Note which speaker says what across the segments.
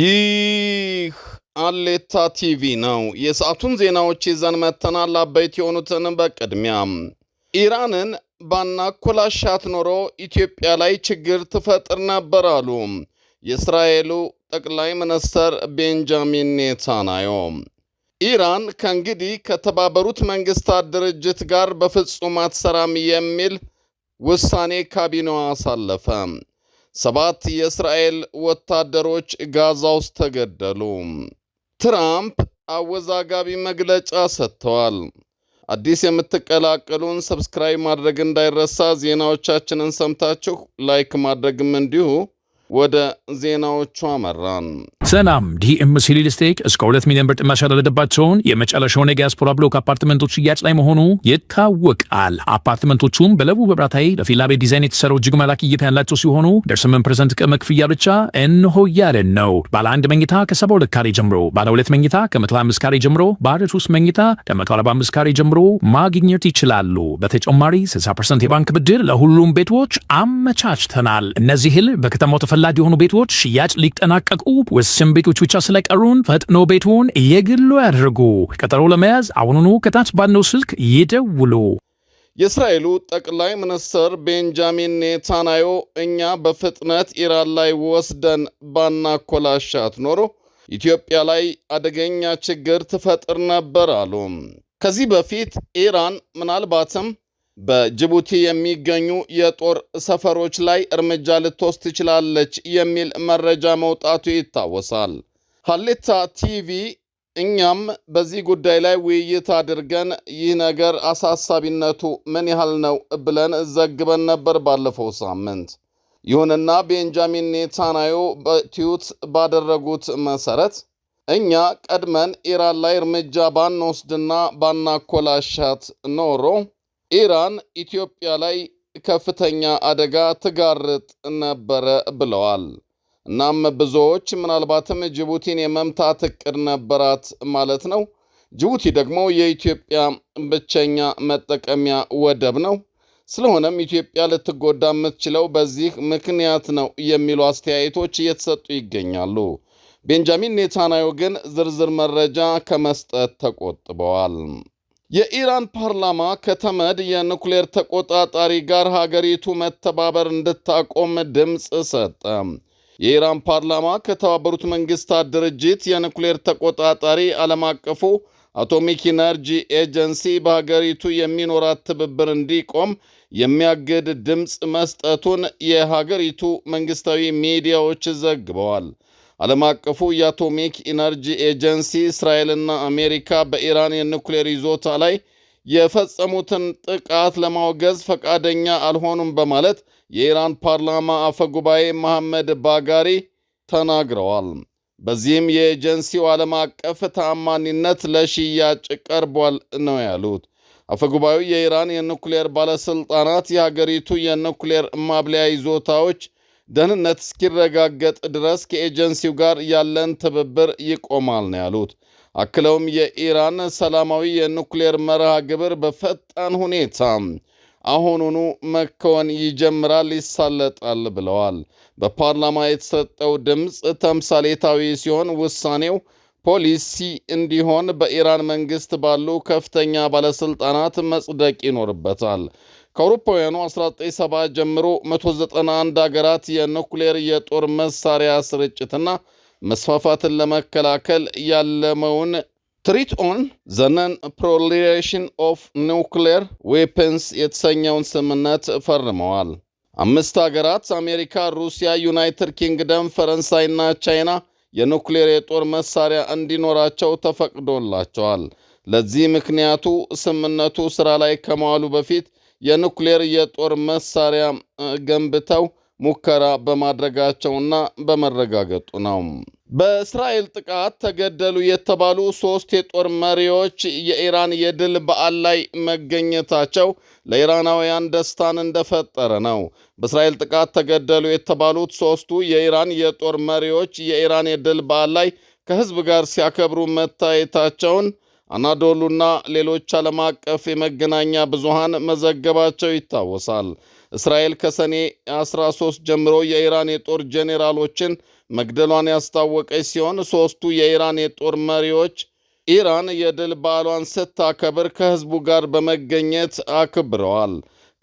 Speaker 1: ይህ አሌታ ቲቪ ነው። የሰዓቱን ዜናዎች ይዘን መተናል። አበይት የሆኑትን በቅድሚያ ኢራንን ባናኮላሻት ኖሮ ኢትዮጵያ ላይ ችግር ትፈጥር ነበር አሉ የእስራኤሉ ጠቅላይ ሚኒስትር ቤንጃሚን ኔታንያሁ። ኢራን ከእንግዲህ ከተባበሩት መንግስታት ድርጅት ጋር በፍጹም አትሰራም የሚል ውሳኔ ካቢኔዋ አሳለፈ። ሰባት የእስራኤል ወታደሮች ጋዛ ውስጥ ተገደሉ። ትራምፕ አወዛጋቢ መግለጫ ሰጥተዋል። አዲስ የምትቀላቀሉን ሰብስክራይብ ማድረግ እንዳይረሳ፣ ዜናዎቻችንን ሰምታችሁ ላይክ ማድረግም እንዲሁ ወደ ዜናዎቹ አመራን።
Speaker 2: ሰላም ዲኤምሲ ሪል ስቴት እስከ ሁለት ሚሊዮን ብር ጥማሽ ያደረገባቸውን የመጨረሻውን የዲያስፖራ ብሎክ አፓርትመንቶች ሽያጭ ላይ መሆኑ ይታወቃል። አፓርትመንቶቹም በለቡ በብራታይ ለፊላ ቤት ዲዛይን የተሰራው እጅግ መላክ እይታ ያላቸው ሲሆኑ ደርስምን ፕሬዘንት ቅድመ ክፍያ ብቻ እንሆ ያለን ነው። ባለ አንድ መኝታ ከ ሁለት ካሬ ጀምሮ፣ ባለ ሁለት መኝታ ከ125 ካሬ ጀምሮ፣ ባለ ሶስት መኝታ ከ145 ካሬ ጀምሮ ማግኘት ይችላሉ። በተጨማሪ 60 ፐርሰንት የባንክ ብድር ለሁሉም ቤቶች አመቻችተናል። እነዚህን በከተማው ተፈ ወላድ የሆኑ ቤቶች ሽያጭ ሊጠናቀቁ ውስን ቤቶች ብቻ ስለቀሩን ፈጥኖ ቤቶን የግሉ ያድርጉ። ቀጠሮ ለመያዝ አሁኑኑ ከታች ባለው ስልክ ይደውሉ።
Speaker 1: የእስራኤሉ ጠቅላይ ሚኒስትር ቤንጃሚን ኔታንያሁ እኛ በፍጥነት ኢራን ላይ ወስደን ባናኮላሻት ኖሮ ኢትዮጵያ ላይ አደገኛ ችግር ትፈጥር ነበር አሉ። ከዚህ በፊት ኢራን ምናልባትም በጅቡቲ የሚገኙ የጦር ሰፈሮች ላይ እርምጃ ልትወስድ ትችላለች የሚል መረጃ መውጣቱ ይታወሳል። ሀሌታ ቲቪ እኛም በዚህ ጉዳይ ላይ ውይይት አድርገን ይህ ነገር አሳሳቢነቱ ምን ያህል ነው ብለን ዘግበን ነበር ባለፈው ሳምንት። ይሁንና ቤንጃሚን ኔታናዮ በትዊት ባደረጉት መሰረት እኛ ቀድመን ኢራን ላይ እርምጃ ባንወስድና ባናኮላሻት ኖሮ ኢራን ኢትዮጵያ ላይ ከፍተኛ አደጋ ትጋርጥ ነበረ ብለዋል። እናም ብዙዎች ምናልባትም ጅቡቲን የመምታት እቅድ ነበራት ማለት ነው። ጅቡቲ ደግሞ የኢትዮጵያ ብቸኛ መጠቀሚያ ወደብ ነው። ስለሆነም ኢትዮጵያ ልትጎዳ የምትችለው በዚህ ምክንያት ነው የሚሉ አስተያየቶች እየተሰጡ ይገኛሉ። ቤንጃሚን ኔታናዮ ግን ዝርዝር መረጃ ከመስጠት ተቆጥበዋል። የኢራን ፓርላማ ከተመድ የኑክሌር ተቆጣጣሪ ጋር ሀገሪቱ መተባበር እንድታቆም ድምፅ ሰጠ። የኢራን ፓርላማ ከተባበሩት መንግስታት ድርጅት የኑክሌር ተቆጣጣሪ ዓለም አቀፉ አቶሚክ ኢነርጂ ኤጀንሲ በሀገሪቱ የሚኖራት ትብብር እንዲቆም የሚያግድ ድምፅ መስጠቱን የሀገሪቱ መንግስታዊ ሚዲያዎች ዘግበዋል። ዓለም አቀፉ የአቶሚክ ኢነርጂ ኤጀንሲ እስራኤልና አሜሪካ በኢራን የኒኩሌር ይዞታ ላይ የፈጸሙትን ጥቃት ለማውገዝ ፈቃደኛ አልሆኑም በማለት የኢራን ፓርላማ አፈ ጉባኤ መሐመድ ባጋሪ ተናግረዋል። በዚህም የኤጀንሲው ዓለም አቀፍ ተአማኒነት ለሽያጭ ቀርቧል ነው ያሉት። አፈጉባኤው የኢራን የኑክሌር ባለሥልጣናት የሀገሪቱ የኑክሌር ማብለያ ይዞታዎች ደህንነት እስኪረጋገጥ ድረስ ከኤጀንሲው ጋር ያለን ትብብር ይቆማል ነው ያሉት። አክለውም የኢራን ሰላማዊ የኑክሌር መርሃ ግብር በፈጣን ሁኔታ አሁኑኑ መከወን ይጀምራል፣ ይሳለጣል ብለዋል። በፓርላማ የተሰጠው ድምፅ ተምሳሌታዊ ሲሆን ውሳኔው ፖሊሲ እንዲሆን በኢራን መንግሥት ባሉ ከፍተኛ ባለሥልጣናት መጽደቅ ይኖርበታል። ከአውሮፓውያኑ 1970 ጀምሮ 191 ሀገራት የኑክሌር የጦር መሳሪያ ስርጭትና መስፋፋትን ለመከላከል ያለመውን ትሪት ኦን ዘነን ፕሮሊሬሽን ኦፍ ኒውክሌር ዌፐንስ የተሰኘውን ስምምነት ፈርመዋል። አምስት ሀገራት አሜሪካ፣ ሩሲያ፣ ዩናይትድ ኪንግደም፣ ፈረንሳይና ቻይና የኑክሌር የጦር መሳሪያ እንዲኖራቸው ተፈቅዶላቸዋል። ለዚህ ምክንያቱ ስምምነቱ ሥራ ላይ ከመዋሉ በፊት የኑክሌር የጦር መሳሪያ ገንብተው ሙከራ በማድረጋቸውና በመረጋገጡ ነው። በእስራኤል ጥቃት ተገደሉ የተባሉ ሶስት የጦር መሪዎች የኢራን የድል በዓል ላይ መገኘታቸው ለኢራናውያን ደስታን እንደፈጠረ ነው። በእስራኤል ጥቃት ተገደሉ የተባሉት ሶስቱ የኢራን የጦር መሪዎች የኢራን የድል በዓል ላይ ከህዝብ ጋር ሲያከብሩ መታየታቸውን አናዶሉና ሌሎች ዓለም አቀፍ የመገናኛ ብዙሃን መዘገባቸው ይታወሳል። እስራኤል ከሰኔ 13 ጀምሮ የኢራን የጦር ጄኔራሎችን መግደሏን ያስታወቀች ሲሆን ሦስቱ የኢራን የጦር መሪዎች ኢራን የድል በዓሏን ስታከብር ከሕዝቡ ጋር በመገኘት አክብረዋል።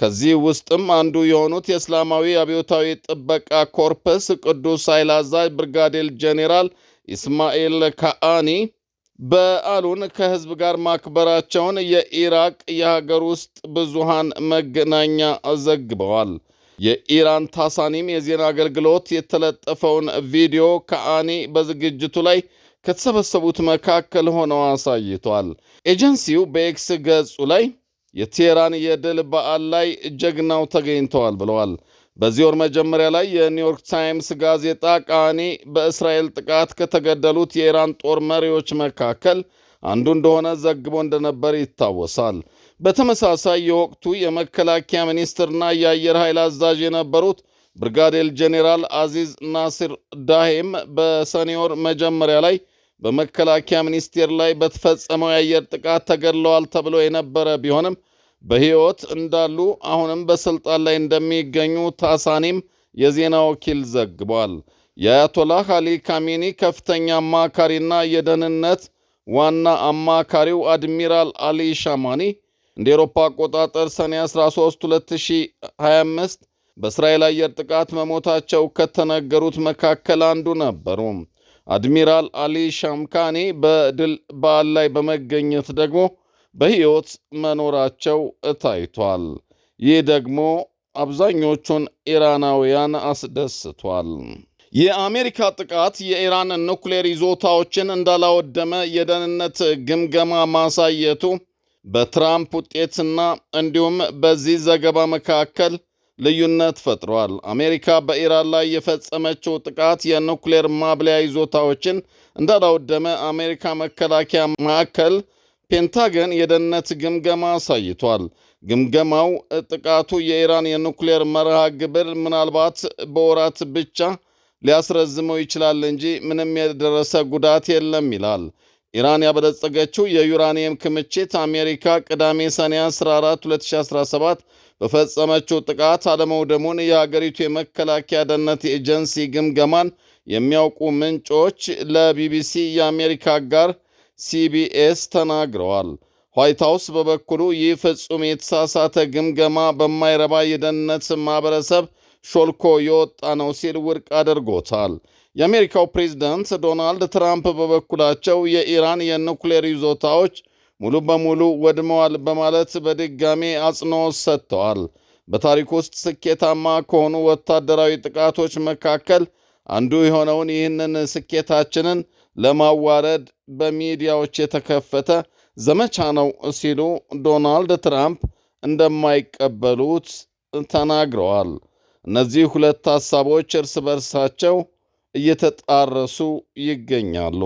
Speaker 1: ከዚህ ውስጥም አንዱ የሆኑት የእስላማዊ አብዮታዊ ጥበቃ ኮርፕስ ቅዱስ ኃይል አዛዥ ብርጋዴር ጄኔራል ኢስማኤል ካአኒ በዓሉን ከህዝብ ጋር ማክበራቸውን የኢራቅ የሀገር ውስጥ ብዙሃን መገናኛ ዘግበዋል። የኢራን ታሳኒም የዜና አገልግሎት የተለጠፈውን ቪዲዮ ከአኒ በዝግጅቱ ላይ ከተሰበሰቡት መካከል ሆነው አሳይቷል። ኤጀንሲው በኤክስ ገጹ ላይ የቴህራን የድል በዓል ላይ ጀግናው ተገኝተዋል ብለዋል። በዚህ ወር መጀመሪያ ላይ የኒውዮርክ ታይምስ ጋዜጣ ቃኒ በእስራኤል ጥቃት ከተገደሉት የኢራን ጦር መሪዎች መካከል አንዱ እንደሆነ ዘግቦ እንደነበር ይታወሳል። በተመሳሳይ የወቅቱ የመከላከያ ሚኒስትርና የአየር ኃይል አዛዥ የነበሩት ብርጋዴር ጄኔራል አዚዝ ናስር ዳሄም በሰኔ ወር መጀመሪያ ላይ በመከላከያ ሚኒስቴር ላይ በተፈጸመው የአየር ጥቃት ተገድለዋል ተብሎ የነበረ ቢሆንም በሕይወት እንዳሉ አሁንም በስልጣን ላይ እንደሚገኙ ታሳኒም የዜና ወኪል ዘግቧል። የአያቶላህ አሊ ካሜኒ ከፍተኛ አማካሪና የደህንነት ዋና አማካሪው አድሚራል አሊ ሻማኒ እንደ ኤሮፓ አቆጣጠር ሰኔ 13 2025 በእስራኤል አየር ጥቃት መሞታቸው ከተነገሩት መካከል አንዱ ነበሩ። አድሚራል አሊ ሻምካኒ በድል በዓል ላይ በመገኘት ደግሞ በሕይወት መኖራቸው ታይቷል። ይህ ደግሞ አብዛኞቹን ኢራናውያን አስደስቷል። የአሜሪካ ጥቃት የኢራን ኑክሌር ይዞታዎችን እንዳላወደመ የደህንነት ግምገማ ማሳየቱ በትራምፕ ውጤትና እንዲሁም በዚህ ዘገባ መካከል ልዩነት ፈጥሯል። አሜሪካ በኢራን ላይ የፈጸመችው ጥቃት የኑክሌር ማብለያ ይዞታዎችን እንዳላወደመ አሜሪካ መከላከያ ማዕከል ፔንታገን የደህንነት ግምገማ አሳይቷል። ግምገማው ጥቃቱ የኢራን የኑክሌር መርሃ ግብር ምናልባት በወራት ብቻ ሊያስረዝመው ይችላል እንጂ ምንም የደረሰ ጉዳት የለም ይላል። ኢራን ያበለጸገችው የዩራኒየም ክምችት አሜሪካ ቅዳሜ ሰኔ 14 2017 በፈጸመችው ጥቃት አለመውደሙን የሀገሪቱ የመከላከያ ደህንነት ኤጀንሲ ግምገማን የሚያውቁ ምንጮች ለቢቢሲ የአሜሪካ ጋር ሲቢኤስ ተናግረዋል። ዋይት ሀውስ በበኩሉ ይህ ፍጹም የተሳሳተ ግምገማ በማይረባ የደህንነት ማህበረሰብ ሾልኮ የወጣ ነው ሲል ውድቅ አድርጎታል። የአሜሪካው ፕሬዝዳንት ዶናልድ ትራምፕ በበኩላቸው የኢራን የኑክሌር ይዞታዎች ሙሉ በሙሉ ወድመዋል በማለት በድጋሜ አጽንኦት ሰጥተዋል። በታሪክ ውስጥ ስኬታማ ከሆኑ ወታደራዊ ጥቃቶች መካከል አንዱ የሆነውን ይህንን ስኬታችንን ለማዋረድ በሚዲያዎች የተከፈተ ዘመቻ ነው ሲሉ ዶናልድ ትራምፕ እንደማይቀበሉት ተናግረዋል። እነዚህ ሁለት ሐሳቦች እርስ በርሳቸው እየተጣረሱ ይገኛሉ።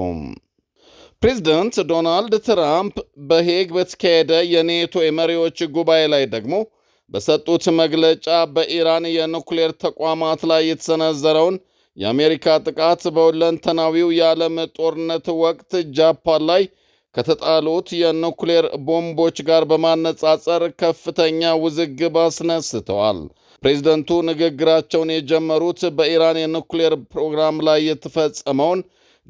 Speaker 1: ፕሬዚደንት ዶናልድ ትራምፕ በሄግ በተካሄደ የኔቶ የመሪዎች ጉባኤ ላይ ደግሞ በሰጡት መግለጫ በኢራን የኑክሌር ተቋማት ላይ የተሰነዘረውን የአሜሪካ ጥቃት በሁለንተናዊው የዓለም ጦርነት ወቅት ጃፓን ላይ ከተጣሉት የኑክሌር ቦምቦች ጋር በማነጻጸር ከፍተኛ ውዝግብ አስነስተዋል። ፕሬዝደንቱ ንግግራቸውን የጀመሩት በኢራን የኑክሌር ፕሮግራም ላይ የተፈጸመውን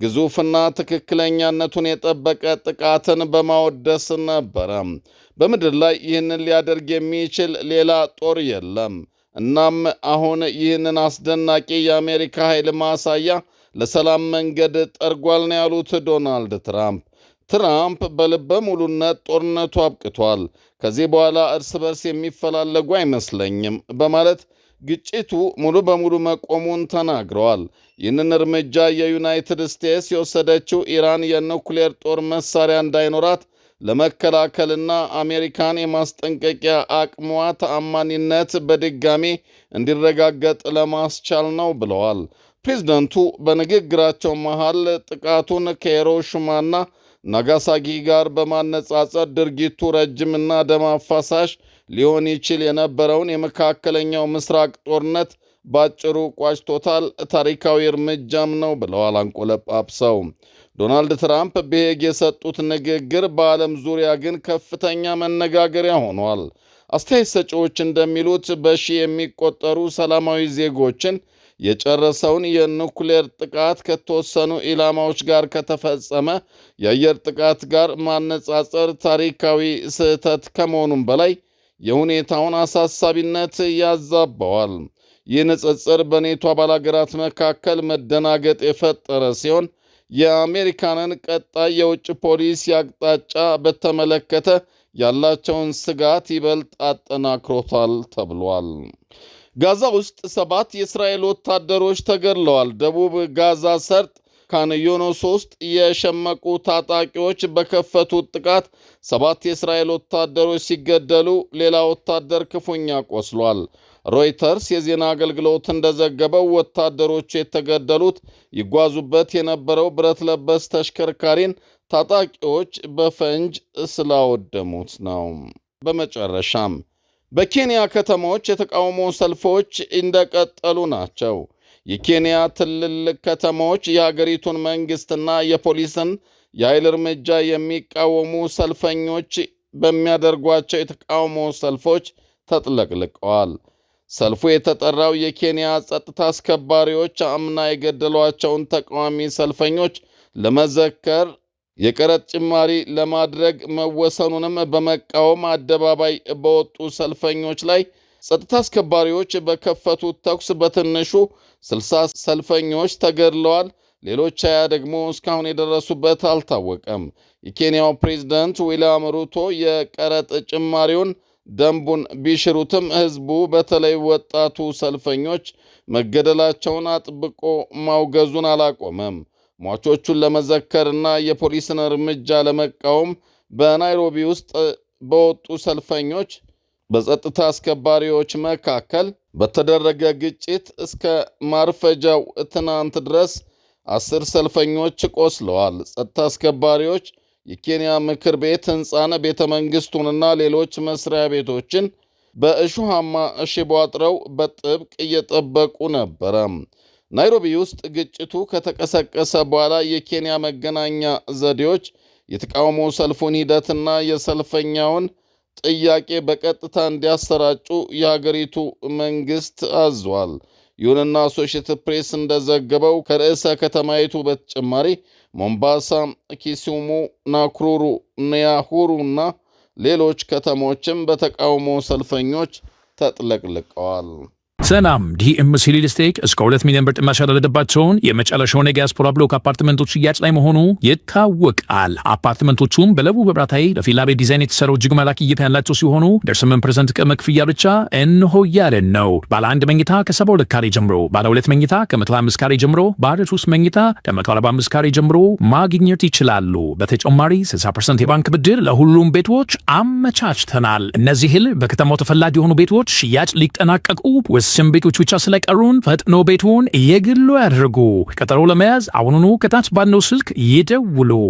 Speaker 1: ግዙፍና ትክክለኛነቱን የጠበቀ ጥቃትን በማወደስ ነበረ። በምድር ላይ ይህንን ሊያደርግ የሚችል ሌላ ጦር የለም። እናም አሁን ይህንን አስደናቂ የአሜሪካ ኃይል ማሳያ ለሰላም መንገድ ጠርጓል ነው ያሉት ዶናልድ ትራምፕ። ትራምፕ በልበ ሙሉነት ጦርነቱ አብቅቷል፣ ከዚህ በኋላ እርስ በርስ የሚፈላለጉ አይመስለኝም በማለት ግጭቱ ሙሉ በሙሉ መቆሙን ተናግረዋል። ይህንን እርምጃ የዩናይትድ ስቴትስ የወሰደችው ኢራን የኑክሌር ጦር መሳሪያ እንዳይኖራት ለመከላከልና አሜሪካን የማስጠንቀቂያ አቅሟ ተአማኒነት በድጋሚ እንዲረጋገጥ ለማስቻል ነው ብለዋል። ፕሬዝደንቱ በንግግራቸው መሃል ጥቃቱን ከሂሮሺማና ናጋሳኪ ጋር በማነጻጸር ድርጊቱ ረጅምና ደም አፋሳሽ ሊሆን ይችል የነበረውን የመካከለኛው ምስራቅ ጦርነት በአጭሩ ቋጭቶታል፣ ታሪካዊ እርምጃም ነው ብለዋል አንቆለጳጳሰው ዶናልድ ትራምፕ በሄግ የሰጡት ንግግር በዓለም ዙሪያ ግን ከፍተኛ መነጋገሪያ ሆኗል። አስተያየት ሰጪዎች እንደሚሉት በሺ የሚቆጠሩ ሰላማዊ ዜጎችን የጨረሰውን የኑክሌር ጥቃት ከተወሰኑ ኢላማዎች ጋር ከተፈጸመ የአየር ጥቃት ጋር ማነጻጸር ታሪካዊ ስህተት ከመሆኑም በላይ የሁኔታውን አሳሳቢነት ያዛባዋል። ይህ ንጽጽር በኔቶ አባል አገራት መካከል መደናገጥ የፈጠረ ሲሆን የአሜሪካንን ቀጣይ የውጭ ፖሊሲ አቅጣጫ በተመለከተ ያላቸውን ስጋት ይበልጥ አጠናክሮታል ተብሏል። ጋዛ ውስጥ ሰባት የእስራኤል ወታደሮች ተገድለዋል። ደቡብ ጋዛ ሰርጥ ካንዮኖስ ውስጥ የሸመቁ ታጣቂዎች በከፈቱት ጥቃት ሰባት የእስራኤል ወታደሮች ሲገደሉ ሌላ ወታደር ክፉኛ ቆስሏል። ሮይተርስ የዜና አገልግሎት እንደዘገበው ወታደሮቹ የተገደሉት ይጓዙበት የነበረው ብረት ለበስ ተሽከርካሪን ታጣቂዎች በፈንጅ ስላወደሙት ነው። በመጨረሻም በኬንያ ከተሞች የተቃውሞ ሰልፎች እንደቀጠሉ ናቸው። የኬንያ ትልልቅ ከተሞች የሀገሪቱን መንግሥትና የፖሊስን የኃይል እርምጃ የሚቃወሙ ሰልፈኞች በሚያደርጓቸው የተቃውሞ ሰልፎች ተጥለቅልቀዋል። ሰልፉ የተጠራው የኬንያ ጸጥታ አስከባሪዎች አምና የገደሏቸውን ተቃዋሚ ሰልፈኞች ለመዘከር የቀረጥ ጭማሪ ለማድረግ መወሰኑንም በመቃወም አደባባይ በወጡ ሰልፈኞች ላይ ጸጥታ አስከባሪዎች በከፈቱት ተኩስ በትንሹ ስልሳ ሰልፈኞች ተገድለዋል። ሌሎች ሀያ ደግሞ እስካሁን የደረሱበት አልታወቀም። የኬንያው ፕሬዝዳንት ዊልያም ሩቶ የቀረጥ ጭማሪውን ደንቡን ቢሽሩትም ሕዝቡ በተለይ ወጣቱ ሰልፈኞች መገደላቸውን አጥብቆ ማውገዙን አላቆመም። ሟቾቹን ለመዘከርና የፖሊስን እርምጃ ለመቃወም በናይሮቢ ውስጥ በወጡ ሰልፈኞች በጸጥታ አስከባሪዎች መካከል በተደረገ ግጭት እስከ ማርፈጃው ትናንት ድረስ አስር ሰልፈኞች ቆስለዋል። ጸጥታ አስከባሪዎች የኬንያ ምክር ቤት ሕንፃን፣ ቤተ መንግሥቱንና ሌሎች መስሪያ ቤቶችን በእሾሃማ ሽቦ አጥረው በጥብቅ እየጠበቁ ነበረ። ናይሮቢ ውስጥ ግጭቱ ከተቀሰቀሰ በኋላ የኬንያ መገናኛ ዘዴዎች የተቃውሞ ሰልፉን ሂደትና የሰልፈኛውን ጥያቄ በቀጥታ እንዲያሰራጩ የሀገሪቱ መንግሥት አዟል። ይሁንና አሶሽት ፕሬስ እንደዘገበው ከርዕሰ ከተማይቱ በተጨማሪ ሞምባሳ፣ ኪሱሙ፣ ናኩሩሩ፣ ኒያሁሩ እና ሌሎች ከተሞችም በተቃውሞ ሰልፈኞች ተጥለቅልቀዋል።
Speaker 2: ሰላም ዲኤምሲ ሪል ስቴት እስከ ሁለት ሚሊዮን ብር ጥማሽ ያደረገባቸውን የመጨረሻውን የዲያስፖራ ብሎክ አፓርትመንቶች ሽያጭ ላይ መሆኑ ይታወቃል። አፓርትመንቶቹም በለቡ በብራታይ ለፊላ ቤት ዲዛይን የተሰራው እጅግ መላክ እይታ ያላቸው ሲሆኑ ደርስምን ፐርሰንት ቅድመ ክፍያ ብቻ እንሆ ያለን ነው። ባለ አንድ መኝታ ከሰባ ሁለት ካሬ ጀምሮ፣ ባለ ሁለት መኝታ ከመቶ አምስት ካሬ ጀምሮ፣ ባለ ሶስት መኝታ ከመቶ አርባ አምስት ካሬ ጀምሮ ማግኘት ይችላሉ። በተጨማሪ 60 ፐርሰንት የባንክ ብድር ለሁሉም ቤቶች አመቻችተናል። እነዚህል በከተማው ተፈላጊ የሆኑ ቤቶች ሽያጭ ሊጠናቀቁ ወስ ውስን ቤቶች ብቻ ስለቀሩን ፈጥኖ ቤቱን የግሉ ያድርጉ። ቀጠሮ ለመያዝ አሁኑኑ ከታች ባለው ስልክ ይደውሉ።